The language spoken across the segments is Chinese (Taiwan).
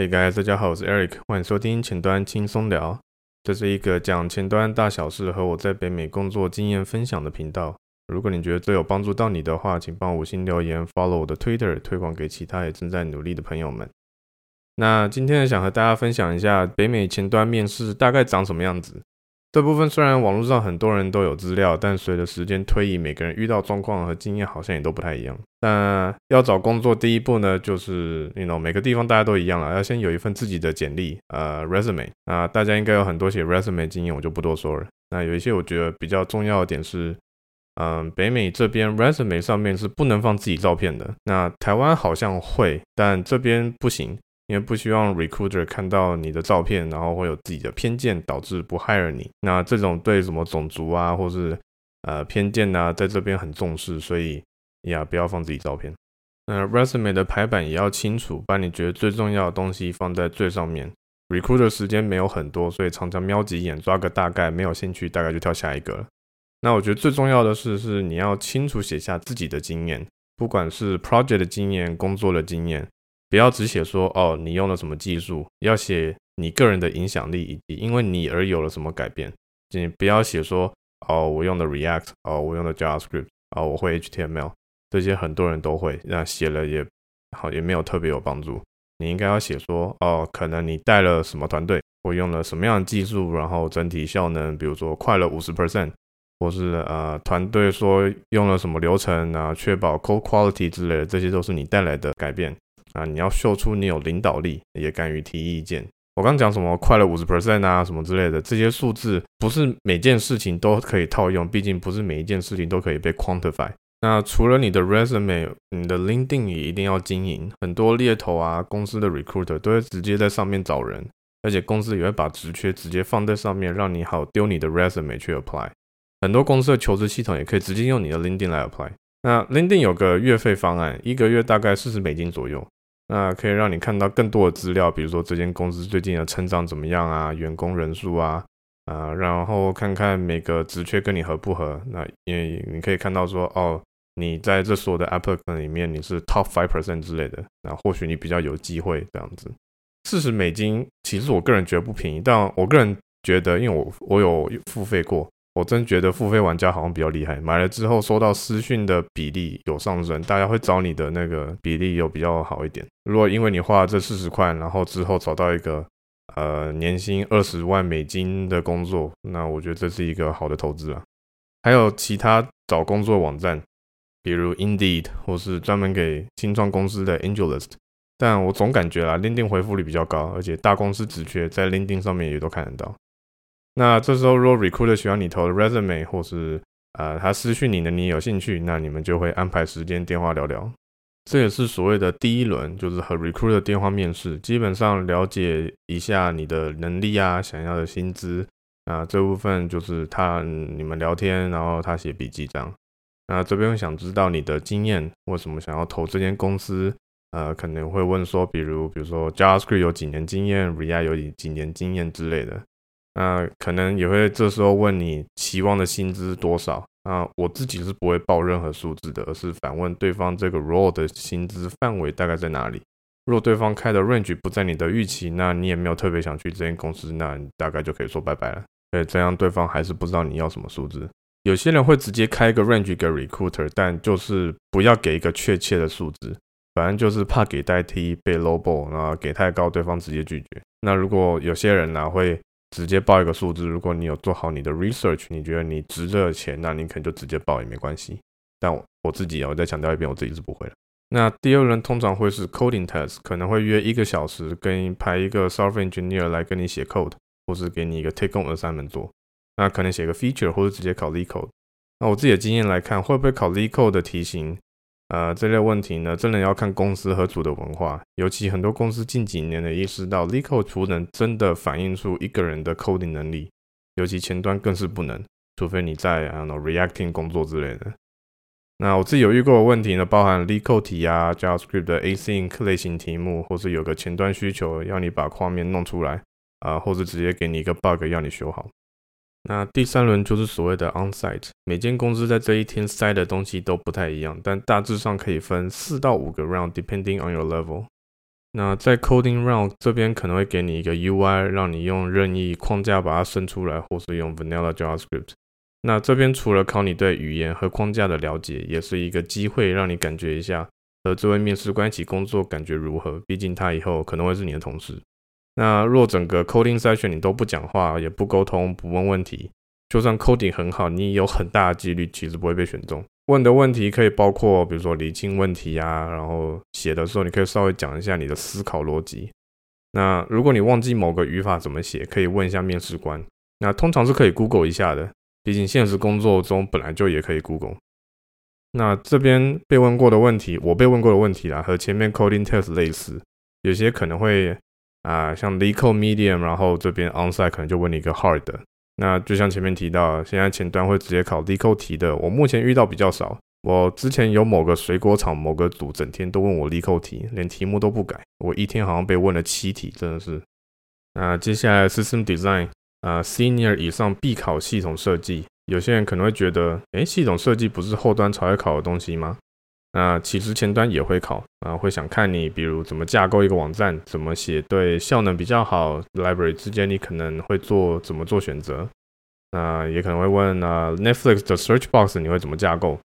嘿、hey、guys，大家好，我是 Eric，歡迎收聽前端輕鬆聊。這是一個講前端大小事和我在北美工作經驗分享的頻道。如果你覺得這有幫助到你的話，請幫我五星留言，follow 我的 Twitter，推廣給其他也正在努力的朋友們。那今天想和大家分享一下北美前端面試大概長什麼樣子。這部分雖然網絡上很多人都有資料，但隨着時間推移，每個人遇到狀況和經驗好像也都不太一樣。那要找工作，第一步呢，就是 you，know 每個地方大家都一樣了，要先有一份自己的簡歷，呃，resume。那 res、呃、大家應該有很多寫 resume 經驗，我就不多說了。那有一些我覺得比較重要的點是，嗯、呃，北美這邊 resume 上面是不能放自己照片的，那台灣好像會，但這邊不行。因為不希望 recruiter 看到你的照片，然後會有自己的偏見，導致不 hire 你。那這種對什麼種族啊，或是呃偏見啊，在這邊很重視，所以呀，不要放自己照片。那 resume 的排版也要清楚，把你覺得最重要的東西放在最上面。recruiter 時間沒有很多，所以常常瞄幾眼，抓個大概，沒有興趣，大概就跳下一個了。那我覺得最重要的是，是你要清楚寫下自己的經驗，不管是 project 的經驗、工作的經驗。不要只寫說哦，你用了什麼技術，要寫你個人的影響力以及因為你而有了什麼改變。你不要寫說哦，我用的 React，哦，我用的 JavaScript，哦，我會 HTML，這些很多人都會，那寫了也好也沒有特別有幫助。你應該要寫說哦，可能你帶了什麼團隊，我用了什麼樣的技術，然後整體效能，比如說快了五十 percent，或是呃團隊說用了什麼流程啊，確保 code quality 之類的，這些都是你帶來的改變。啊，你要秀出你有領導力，也敢於提意見。我剛講什麼快了五十 percent 啊，什麼之類的，這些數字不是每件事情都可以套用，畢竟不是每一件事情都可以被 quantify。那除了你的 resume，你的 LinkedIn 也一定要經營。很多獵頭啊，公司的 recruiter 都會直接在上面找人，而且公司也會把職缺直接放在上面，讓你好丟你的 resume 去 apply。很多公司的求職系統也可以直接用你的 LinkedIn 來 apply。那 LinkedIn 有個月費方案，一個月大概四十美金左右。那可以讓你看到更多的資料，比如說這間公司最近的成長怎麼樣啊，員工人數啊，啊、呃，然後看看每個職缺跟你合不合。那因為你可以看到說，哦，你在這所有的 applicant 裡面你是 Top 5%之類的，那或許你比較有機會這樣子。四十美金，其實我個人覺得不便宜，但我個人覺得，因為我我有付費過。我真覺得付費玩家好像比較厲害，買了之後收到私訊的比例有上升，大家會找你的那個比例有比較好一點。如果因為你花了這四十塊，然後之後找到一個呃年薪二十萬美金的工作，那我覺得這是一個好的投資啊。還有其他找工作網站，比如 Indeed 或是專門給新創公司的 AngelList，但我總感覺啊，LinkedIn 回復率比較高，而且大公司職缺在 LinkedIn 上面也都看得到。那這時候，如果 recruiter 需要你投的 resume 或是，呃，他私訊你呢，你有興趣，那你們就會安排時間電話聊聊。這也是所謂的第一輪，就是和 recruiter 電話面試，基本上了解一下你的能力啊，想要的薪資啊，呃，這部分就是他你們聊天，然後他寫筆記這樣。那這邊想知道你的經驗為什麼，想要投這間公司，呃，可能會問說，比如比如說 JavaScript 有幾年經驗，React 有幾年經驗之類的。那、呃、可能也會這時候問你期望的薪資多少？那、呃、我自己是不會報任何數字的，而是反問對方這個 role 的薪資範圍大概在哪裡。若對方開的 range 不在你的預期，那你也沒有特別想去這間公司，那你大概就可以說拜拜了。所以這樣對方還是不知道你要什麼數字。有些人會直接開一個 range 給 recruiter，但就是不要給一個確切的數字，反正就是怕給代替被 lowball，然後給太高對方直接拒絕。那如果有些人呢、啊、會。直接報一個數字，如果你有做好你的 research，你覺得你值這個錢，那你可能就直接報也沒關係。但我，我自己啊，我再強調一遍，我自己是不會的。那第二輪通常會是 coding test，可能會約一個小時，跟你排一個 software engineer 來跟你寫 code，或是給你一個 take-home assignment 做。那可能寫個 feature，或者直接考 LeetCode。那我自己的經驗來看，會不會考 LeetCode 的題型？呃，這類問題呢，真的要看公司和組的文化，尤其很多公司近幾年的意識到，Leetcode 不能真的反映出一個人的 coding 能力，尤其前端更是不能，除非你在啊、no, Reacting 工作之類的。那我自己有遇過的問題呢，包含 Leetcode 題啊，JavaScript 的 async 類型題目，或是有個前端需求要你把畫面弄出來啊、呃，或是直接給你一個 bug 要你修好。那第三輪就是所謂的 onsite，每間公司在這一天塞的東西都不太一樣，但大致上可以分四到五個 round，depending on your level。那在 coding round 這邊可能會給你一個 UI，讓你用任意框架把它伸出來，或是用 vanilla JavaScript。那這邊除了考你對語言和框架的了解，也是一個機會讓你感覺一下和這位面試官一起工作感覺如何，畢竟他以後可能會是你的同事。那若整個 coding session 你都不講話，也不溝通，不問問題，就算 coding 很好，你也有很大的幾率其實不會被選中。問的問題可以包括，比如說理清問題呀、啊，然後寫的時候你可以稍微講一下你的思考邏輯。那如果你忘記某個語法怎麼寫，可以問一下面試官。那通常是可以 Google 一下的，畢竟現實工作中本來就也可以 Google。那這邊被問過的問題，我被問過的問題啦，和前面 coding test 類似，有些可能會。啊，像 Leetcode medium，然後這邊 onsite 可能就問你一個 hard。那就像前面提到，現在前端會直接考 Leetcode 題的，我目前遇到比較少。我之前有某個水果廠某個組整天都問我 Leetcode 題，連題目都不改，我一天好像被問了七題，真的是。那接下來 system design，呃，啊，senior 以上必考系統設計。有些人可能會覺得，哎，系統設計不是後端才會考的東西嗎？那其實前端也會考啊，呃，會想看你，比如怎麼架構一個網站，怎麼寫對效能比較好。library 之間你可能會做怎麼做選擇，那，呃、也可能會問啊，呃、Netflix 的 search box 你會怎麼架構？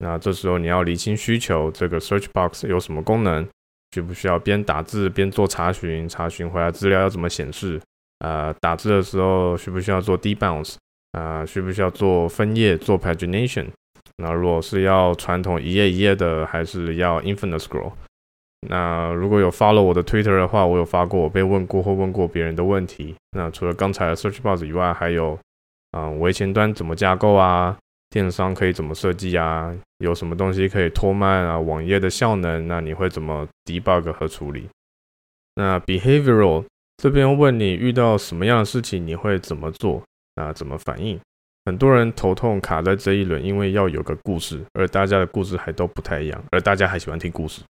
那這時候你要理清需求，這個 search box 有什麼功能？需不需要邊打字邊做查詢？查詢回來資料要怎麼顯示？啊，呃，打字的時候需不需要做 debounce？啊，呃，需不需要做分頁做 pagination？那如果是要傳統一頁一頁的，還是要 infinite scroll？那如果有 follow 我的 Twitter 的話，我有發過我被問過或問過別人的問題。那除了剛才的 search box 以外，還有啊、嗯，微前端怎麼架構啊？電商可以怎麼設計啊？有什麼東西可以拖慢啊？網頁的效能，那你會怎麼 debug 和處理？那 behavioral 這邊問你遇到什麼樣的事情，你會怎麼做？那怎麼反應？很多人頭痛卡在這一輪，因為要有個故事，而大家的故事還都不太一樣，而大家還喜歡聽故事。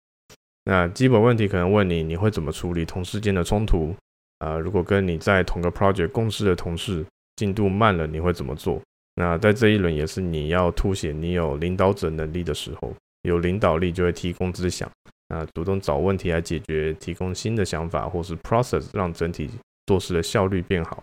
那基本問題可能問你，你會怎麼處理同事間的衝突？啊、呃，如果跟你在同個 project 共事的同事進度慢了，你會怎麼做？那在這一輪也是你要凸顯你有領導者能力的時候，有領導力就會提供思想，啊，主動找問題來解決，提供新的想法或是 process，讓整體做事的效率變好。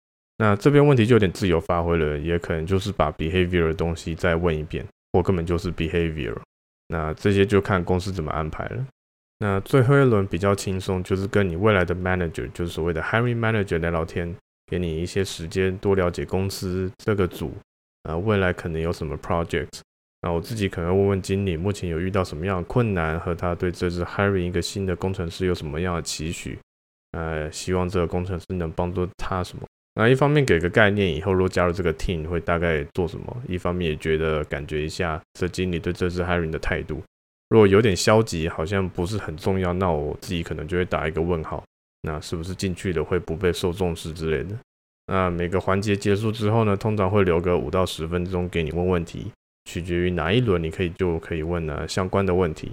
那這邊問題就有點自由發揮了，也可能就是把 behavior 的東西再問一遍，我根本就是 behavior。那這些就看公司怎麼安排了。那最後一輪比較輕鬆，就是跟你未來的 manager，就是所謂的 hiring manager 來聊天，給你一些時間多了解公司這個組啊，未來可能有什麼 project。那我自己可能問問經理，目前有遇到什麼樣的困難，和他對這次 hiring 一個新的工程師有什麼樣的期許？呃，希望這個工程師能幫助他什麼？那一方面給個概念，以後如果加入這個 team 會大概做什麼；一方面也覺得感覺一下，這經理對這支 hiring 的態度。如果有點消極，好像不是很重要，那我自己可能就會打一個問號。那是不是進去了會不被受重視之類的？那每個環節結束之後呢，通常會留個五到十分鐘給你問問題，取決於哪一輪你可以就可以問呢、啊、相關的問題。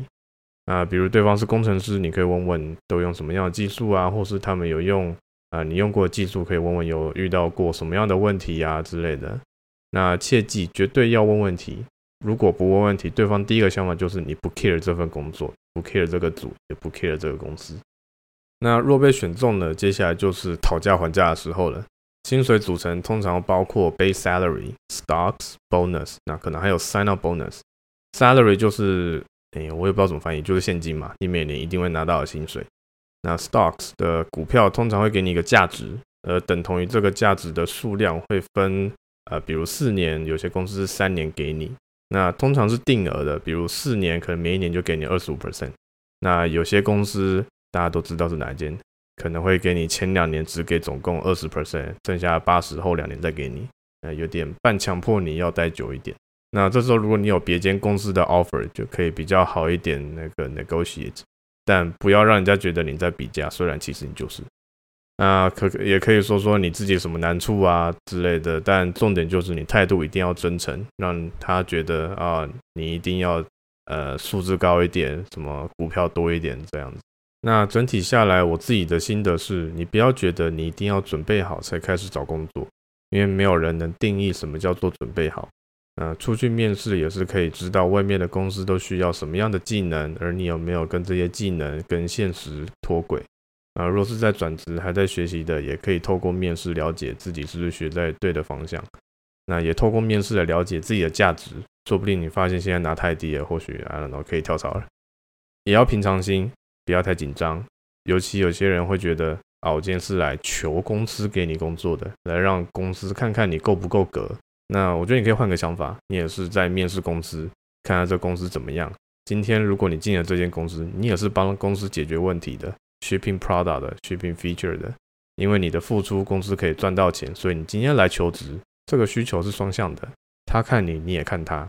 那比如對方是工程師，你可以問問都用什麼樣的技術啊，或是他們有用。啊，你用過的技術可以問問有遇到過什麼樣的問題呀、啊、之類的。那切記絕對要問問題，如果不問問題，對方第一個想法就是你不 care 這份工作，不 care 這個組，也不 care 這個公司。那若被選中了，接下來就是討價還價的時候了。薪水組成通常包括 base salary、stocks、bonus，那可能還有 sign-up bonus。salary 就是哎、欸，我也不知道怎麼翻譯，就是現金嘛，你每年一定會拿到的薪水。那 stocks 的股票通常會給你一個價值，而等同於這個價值的數量會分，呃，比如四年，有些公司是三年給你，那通常是定額的，比如四年可能每一年就給你二十五 percent，那有些公司大家都知道是哪一間，可能會給你前兩年只給總共二十 percent，剩下八十後兩年再給你，呃，有點半強迫你要待久一點。那這時候如果你有別間公司的 offer，就可以比較好一點那個 negotiate。但不要讓人家覺得你在比價，雖然其實你就是。那可也可以說說你自己什麼難處啊之類的，但重點就是你態度一定要真誠，讓他覺得啊，你一定要呃數字高一點，什麼股票多一點這樣子。那整體下來，我自己的心得是你不要覺得你一定要準備好才開始找工作，因為沒有人能定義什麼叫做準備好。呃，那出去面試也是可以知道外面的公司都需要什麼樣的技能，而你有沒有跟這些技能跟現實脫軌。啊，若是在轉職還在學習的，也可以透過面試了解自己是不是學在對的方向。那也透過面試來了解自己的價值，說不定你發現現在拿太低了，或許啊可以跳槽了。也要平常心，不要太緊張。尤其有些人會覺得，哦、啊，今天是來求公司給你工作的，來讓公司看看你夠不夠格。那我覺得你可以換個想法，你也是在面試公司，看看這公司怎麼樣。今天如果你進了這間公司，你也是幫公司解決問題的，shipping product，shipping feature 的。因為你的付出，公司可以賺到錢，所以你今天來求職，這個需求是雙向的，他看你，你也看他。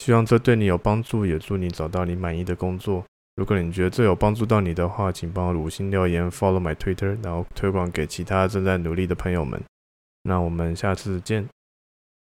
希望這對你有幫助，也祝你找到你滿意的工作。如果你覺得這有幫助到你的話，請幫我五星留言，follow my Twitter，然後推廣給其他正在努力的朋友們。那我們下次見。